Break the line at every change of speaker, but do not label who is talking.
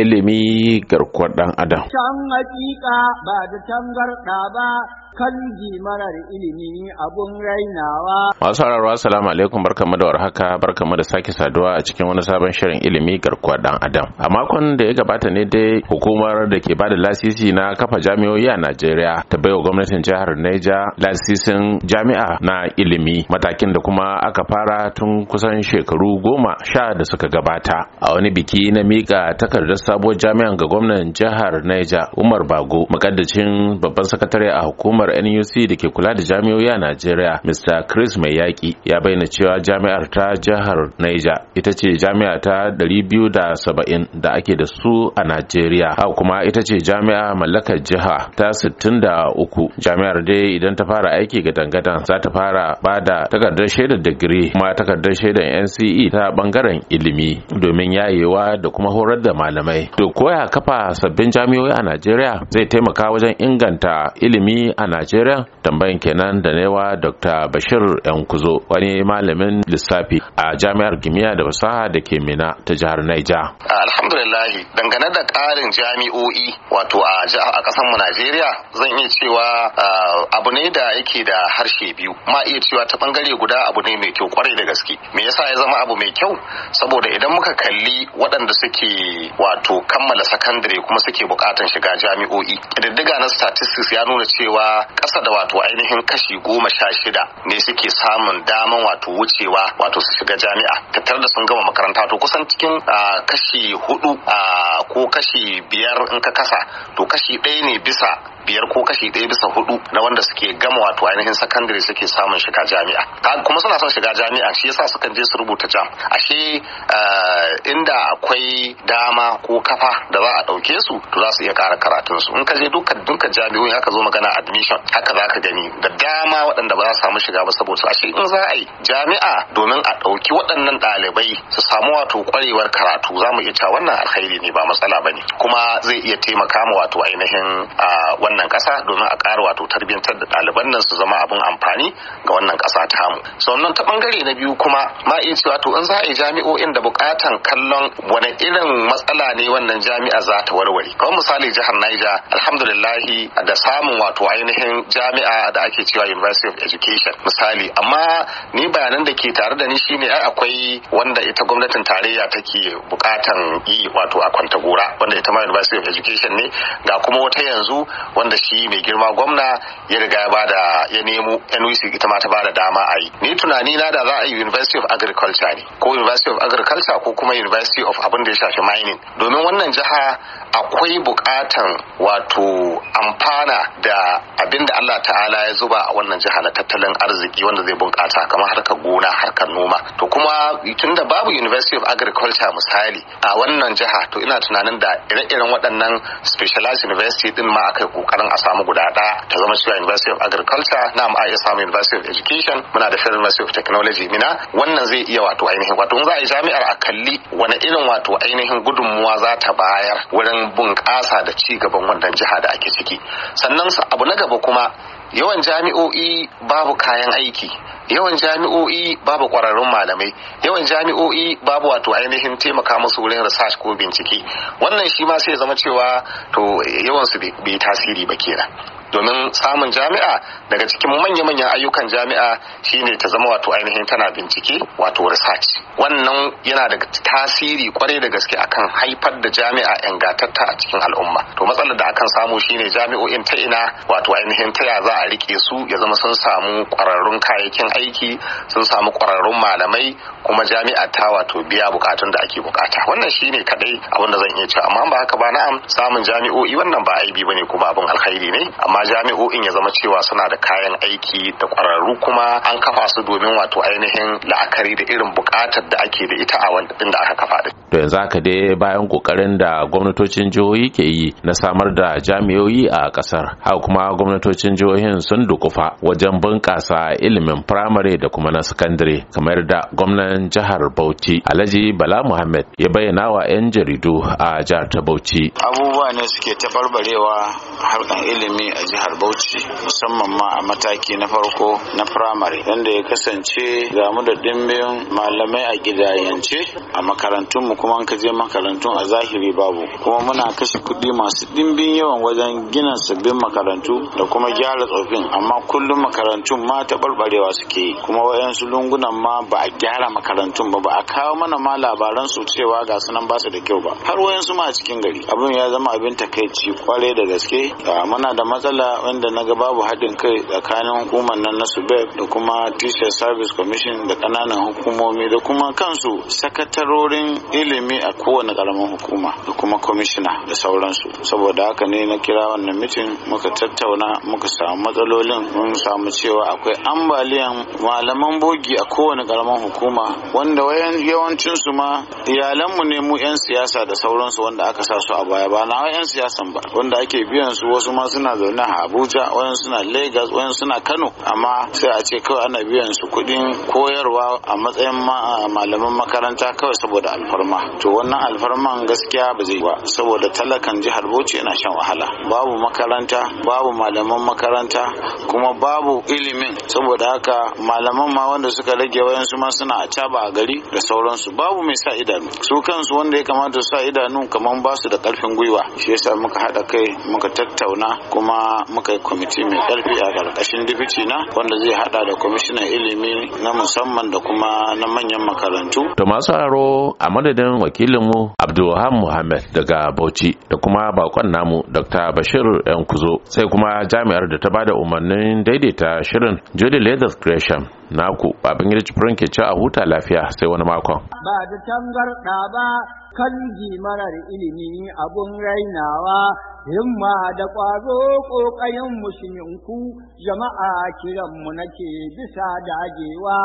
ilimi garkuwar ɗan adam.
Can hakika ba da garɗa ba kalji mana da ilimi abun rainawa.
Masu sauraro assalamu alaikum barkamu da warhaka barkamu da sake saduwa a cikin wani sabon shirin ilimi garkuwa dan adam. A makon da ya gabata ne dai hukumar da ke bada lasisi na kafa jami'o'i a Najeriya ta baiwa gwamnatin jihar Neja lasisin jami'a na ilimi matakin da kuma aka fara tun kusan shekaru goma sha da suka gabata. A wani biki na mika takardar sabuwar jami'an ga gwamnan jihar Neja Umar Bago mukaddacin babban sakatare a hukumar hukumar nuc da ke kula da jami'o'i a najeriya mr chris mai yaƙi ya bayyana cewa jami'ar ta jihar niger ita ce jami'a ta 270 da ake da su a najeriya haka kuma ita ce jami'a mallakar jiha ta 63 jami'ar dai idan ta fara aiki ga dangadan za ta fara ba da takardar shaidar digiri kuma takardar shaidar nce ta bangaren ilimi domin yayewa da kuma horar da malamai to koya kafa sabbin jami'o'i a najeriya zai taimaka wajen inganta ilimi a najeriya tambayin kenan da newa dr bashir Yankuzo wani malamin lissafi a jami'ar Gimiya da fasaha da ke mina ta jihar naija
alhamdulillah dangane da ƙarin jami'o'i wato a ƙasar mu najeriya zan iya cewa ah, abu ne da yake da harshe biyu ma iya cewa ta bangare guda abu ne mai kyau kwarai da gaske me yasa ya zama abu mai kyau saboda idan muka kalli waɗanda suke wato kammala sakandare kuma suke bukatan shiga jami'o'i ƙididdiga na statistics ya nuna cewa Kasa da wato ainihin kashi goma sha shida ne suke samun daman wato wucewa wato su shiga jami'a tattar da sun gama makaranta to kusan cikin ah, kashi hudu ah, ko kashi biyar in ka kasa to kashi ɗaya ne bisa biyar ko kashi ɗaya bisa hudu na wanda suke gama wato ainihin sakandare suke samun shiga jami'a kuma suna son shiga jami'a shi yasa sukan je su rubuta jam ashe eh, inda akwai dama ko kafa da za a ɗauke su to za su iya ƙara karatun su in ka je duka dukkan jami'o'i aka zo magana admission haka za ka gani da dama waɗanda ba za su samu shiga ba saboda ashe in za a yi jami'a domin a ɗauki waɗannan ɗalibai su samu wato ƙwarewar karatu za mu iya cewa wannan alkhairi ne ba matsala matsala bane kuma zai iya taimaka ma wato ainihin wannan kasa domin a ƙara wato tarbiyyantar da ɗaliban nan su zama abin amfani ga wannan kasa tamu sannan ta bangare na biyu kuma ma iya cewa to in za a yi jami'o'in da buƙatan kallon wani irin matsala ne wannan jami'a za ta warware kamar misali jihar Niger alhamdulillahi da samun wato ainihin jami'a da ake cewa University of Education misali amma ni bayanan da ke tare da ni shine ai akwai wanda ita gwamnatin tarayya take buƙatan yi wato a kwanta gora wanda ita ma university of education ne ga kuma wata yanzu wanda shi mai girma gwamna ya riga ya bada ya nemo NUC ita ma ta bada dama a yi ni tunani na da za a yi university of agriculture ne ko university of agriculture ko kuma university of abin da ya shafi mining domin wannan jiha akwai bukatan wato amfana da abin da Allah ta'ala ya zuba a wannan jiha na tattalin arziki wanda zai bunkasa kamar harkar gona harkar noma to kuma tunda babu university of agriculture misali a wannan jiha to ina tunani tunanin da ire-iren waɗannan specialized university din ma aka kokarin a samu guda ɗaya ta zama cewa university of agriculture na ma iya samu university of education muna da federal university of technology mina wannan zai iya wato ainihin wato in za a yi jami'ar a kalli wani irin wato ainihin gudunmuwa za ta bayar wurin bunƙasa da ci gaban wannan jiha da ake ciki sannan abu na gaba kuma yawan jami'o'i babu kayan aiki yawan jami'o'i babu kwararrun malamai yawan jami'o'i babu wato ainihin taimaka musu wurin research ko bincike wannan shi ma sai zama cewa to yawan su bai tasiri ba kenan domin samun jami'a daga cikin manya-manyan ayyukan jami'a shine ta zama wato ainihin tana bincike wato research wannan yana da tasiri kwarai da gaske akan haifar da jami'a ingantatta a cikin al'umma to matsalar da akan samu shine jami'o'in ta ina wato ainihin ta za a rike su ya zama sun samu kwararrun kayayyakin aiki sun samu kwararrun malamai kuma jami'a ta wato biya bukatun da ake bukata wannan shine kadai abin da zan iya cewa amma ba haka ba na'am samun jami'o'i wannan ba aibi bane kuma abin alkhairi ne amma jami'o'in ya zama cewa suna da kayan aiki da ƙwararru kuma an kafa su domin wato ainihin la'akari da irin buƙatar da ake da ita a wannan da aka kafa
da to yanzu haka dai bayan kokarin da gwamnatocin jihohi ke yi na samar da jami'o'i a ƙasar. haka kuma gwamnatocin jihohin sun dukufa wajen bunƙasa ilimin firamare da kuma na sakandare kamar da gwamnan jihar Bauchi Alhaji Bala Muhammad ya bayyana wa 'yan jaridu a jihar ta Bauchi
abubuwa ne suke tabarbarewa harkan ilimi a jihar Bauchi musamman ma a mataki na farko na firamare wanda ya kasance ga mu da dimbin malamai a gidayance a makarantun mu kuma an ka je makarantun a zahiri babu kuma muna kashe kuɗi masu dimbin yawan wajen gina sabbin makarantu da kuma gyara tsofin amma kullum makarantun ma ta barbarewa suke yi kuma wayansu lungunan ma ba a gyara makarantun ba ba a kawo mana ma labaran su cewa ga sunan ba su da kyau ba har wayansu ma a cikin gari abin ya zama abin takaici kwarai da gaske ah, muna da matsala matsala wanda na ga babu haɗin kai tsakanin hukumar nan na subeb da kuma teacher service commission da ƙananan hukumomi da kuma kansu sakatarorin ilimi a kowane ƙaramin hukuma da kuma commissioner da sauransu saboda haka ne na kira wannan mitin muka tattauna muka samu matsalolin mun samu cewa akwai ambaliyan malaman bogi a kowane ƙaramin hukuma wanda yawancinsu ma iyalanmu ne mu 'yan siyasa da sauransu wanda aka sa su a baya ba na 'yan siyasan ba wanda ake biyan su wasu ma suna zaune nan abuja wayan suna lagos wayan suna kano amma sai a ce kawai ana biyan su kuɗin koyarwa a matsayin malaman makaranta kawai saboda alfarma to wannan alfarman gaskiya ba zai ba saboda talakan jihar bauchi yana shan wahala babu makaranta babu malaman makaranta kuma babu ilimin saboda haka malaman ma wanda suka rage wayan su ma suna a caba a gari da sauransu babu mai sa idanu su kansu wanda ya kamata su sa idanu kamar ba su da karfin gwiwa shi yasa muka haɗa kai muka tattauna kuma muka yi kwamiti mai karfi a karkashin dibiti na wanda zai hada da kwamishinan ilimi na musamman da kuma na
manyan makarantu. To masu aro a madadin wakilinmu Abdulham Muhammad daga Bauchi da kuma bakon namu Dr. Bashir Yankuzo sai kuma jami'ar da ta bada umarnin daidaita shirin Jody Leather Creation. naku babin yarci ke ci a huta lafiya sai wani makon.
Ba da tangarda ba kanji marar ilimi abun rainawa himma da ƙwazo ƙoƙarin musulminku jama'a kiranmu nake bisa dagewa